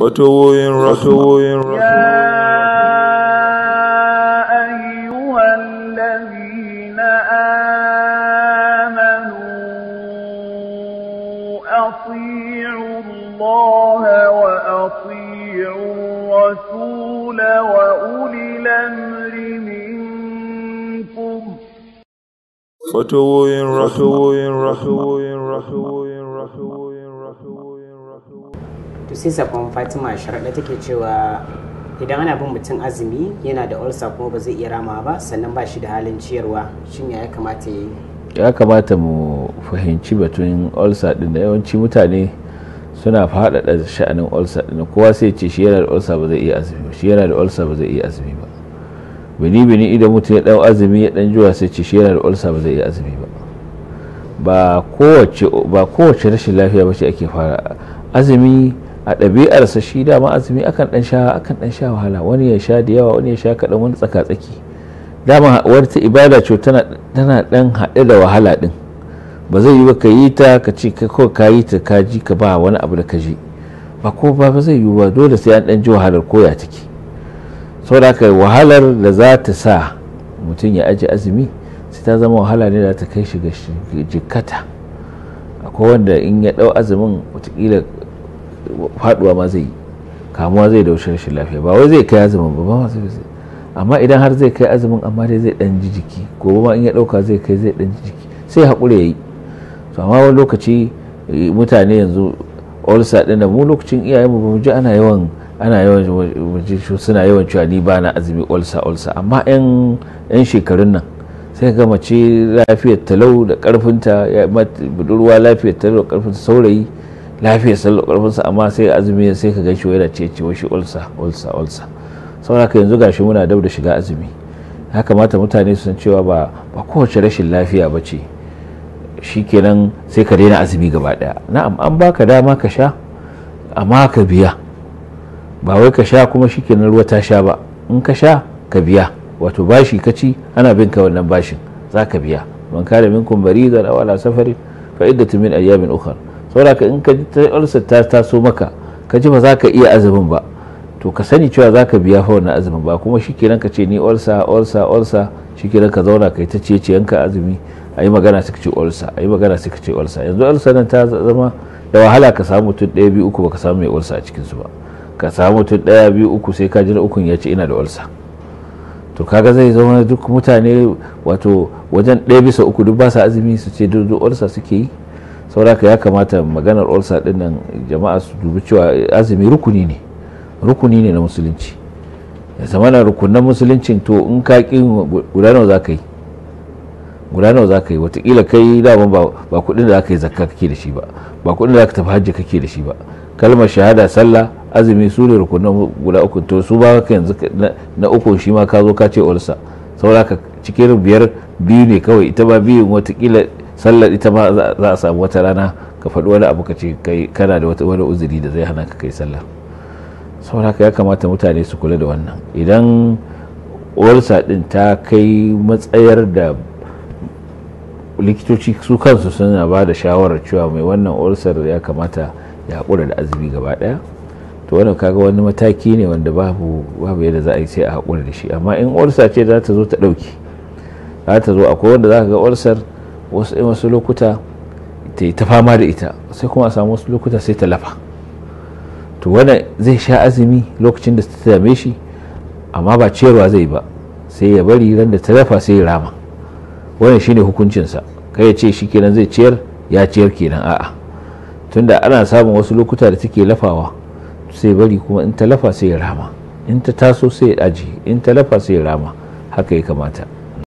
وتوب رحمة يا أيها الذين آمنوا أطيعوا الله وأطيعوا الرسول وأولي الأمر منكم فتوب رحمة to sai sakon fatima sharaɗa take cewa idan ana bin mutum azumi yana da ulsa kuma ba zai iya rama ba sannan ba shi da halin ciyarwa shin ya kamata ya yi ya kamata mu fahimci batun ulsa din da yawanci mutane suna faɗaɗa sha'anin ulsa din kowa sai ce shi yana da ulsa ba zai iya azumi ba shi yana da ulsa ba zai iya azumi ba bini bini idan mutum ya dan azumi ya dan juwa sai ce shi yana da ulsa ba zai iya azumi ba ba ba kowace rashin lafiya ba ce ake fara azumi a ɗabi'arsa shi dama azumi akan ɗan sha akan ɗan sha wahala wani ya sha da yawa wani ya sha kaɗan wani tsaka-tsaki dama wata ibada ce tana ɗan haɗe da wahala ɗin ba zai yi ba ka yi ta ka ce ka ko ka yi ta ka ji ka ba wani abu da ka ji ba ko ba ba zai yi ba dole sai an ɗan ji wahalar ya take saboda ka wahalar da za ta sa mutum ya aji azumi sai ta zama wahala ne da ta kai shi ga jikata akwai wanda in ya ɗau azumin watakila faduwa ma zai yi kamuwa zai da wucin shi lafiya ba wai zai kai azumin ba ba ma zai amma idan har zai kai azumin amma dai zai dan ji jiki gobe ma in ya dauka zai kai zai dan ji jiki sai hakuri yayi to amma wani lokaci eh, mutane yanzu olsa din mu lokacin iyayenmu ba mu ji ana yawan ana yawan suna yawan cewa ni ba na azumi olsa olsa amma yan yan shekarun nan sai ga mace lafiyar talau da karfinta budurwa lafiyar talau da karfinta saurayi lafiya sallar sa amma sai azumi sai ka gaishe yana ce ce washi ulsa ulsa ulsa saboda ka yanzu gashi muna dab da shiga azumi ya kamata mutane su san cewa ba ba kowace rashin lafiya ba ce shikenan sai ka daina azumi gaba daya na'am an baka dama ka sha amma ka biya ba wai ka sha kuma shikenan ruwa ta sha ba in ka sha ka biya wato bashi ka ci ana bin ka wannan bashin za ka biya man kana minkum bari safari ala safarin fa iddatu min ayyamin ukhra saboda in ka ji ulcer ta taso maka ka ji ba za ka iya azumin ba to ka sani cewa za ka biya fa wannan azumin ba kuma shi kenan ka ce ni olsa olsa olsa shi kenan ka zauna kai ta ce ce yanka azumi a yi magana suka ce olsa a yi magana suka ce olsa yanzu olsa nan ta zama da wahala ka samu mutum ɗaya biyu uku ba ka samu mai olsa a cikinsu ba ka samu mutum ɗaya biyu uku sai ka ji na ukun ya ce ina da olsa to kaga zai zama duk mutane wato wajen ɗaya bisa uku duk ba sa azumi su ce duk olsa suke yi sauraka ya kamata maganar olsa dinnan jama'a su dubi cewa azumi rukuni ne rukuni ne na musulunci ya na rukunan musulunci to in ka kin guda nawa za ka yi guda nawa za ka yi watakila kai daman ba kuɗin da za ka yi zakka kake da shi ba ba kuɗin da za ka tafi hajji kake da shi ba kalmar shahada sallah azumi su ne rukunan guda uku to su ba ka yanzu na uku shi ma ka zo ka ce olsa sauraka cikin biyar biyu ne kawai ita ba biyun watakila sallar ita ma za a samu wata rana ka faɗi wani abu ka ce kana da wani uzuri da zai hana ka kai sallar saboda haka ya kamata mutane su kula da wannan idan uwarsa ɗin ta kai matsayar da likitoci su kansu suna ba da shawarar cewa mai wannan ulcer ya kamata ya haƙura da azumi gaba ɗaya to wannan kaga wani mataki ne wanda babu yadda za a yi sai a haƙura da shi amma in ulcer ce za ta zo ta ɗauki za ta zo akwai wanda za ka ga ulcer wasu lokuta ta yi ta fama da ita sai kuma a samu wasu lokuta sai ta lafa to wannan zai sha azumi lokacin da ta dame shi amma ba ciyarwa zai ba sai ya bari ran da ta lafa sai ya rama wannan shine hukuncinsa kai ya ce shi kenan zai ciyar ya ciyar kenan a'a tunda ana samun wasu lokuta da take lafawa sai bari kuma in ta lafa sai ya rama in ta taso sai ya daji in ta lafa sai ya rama haka ya kamata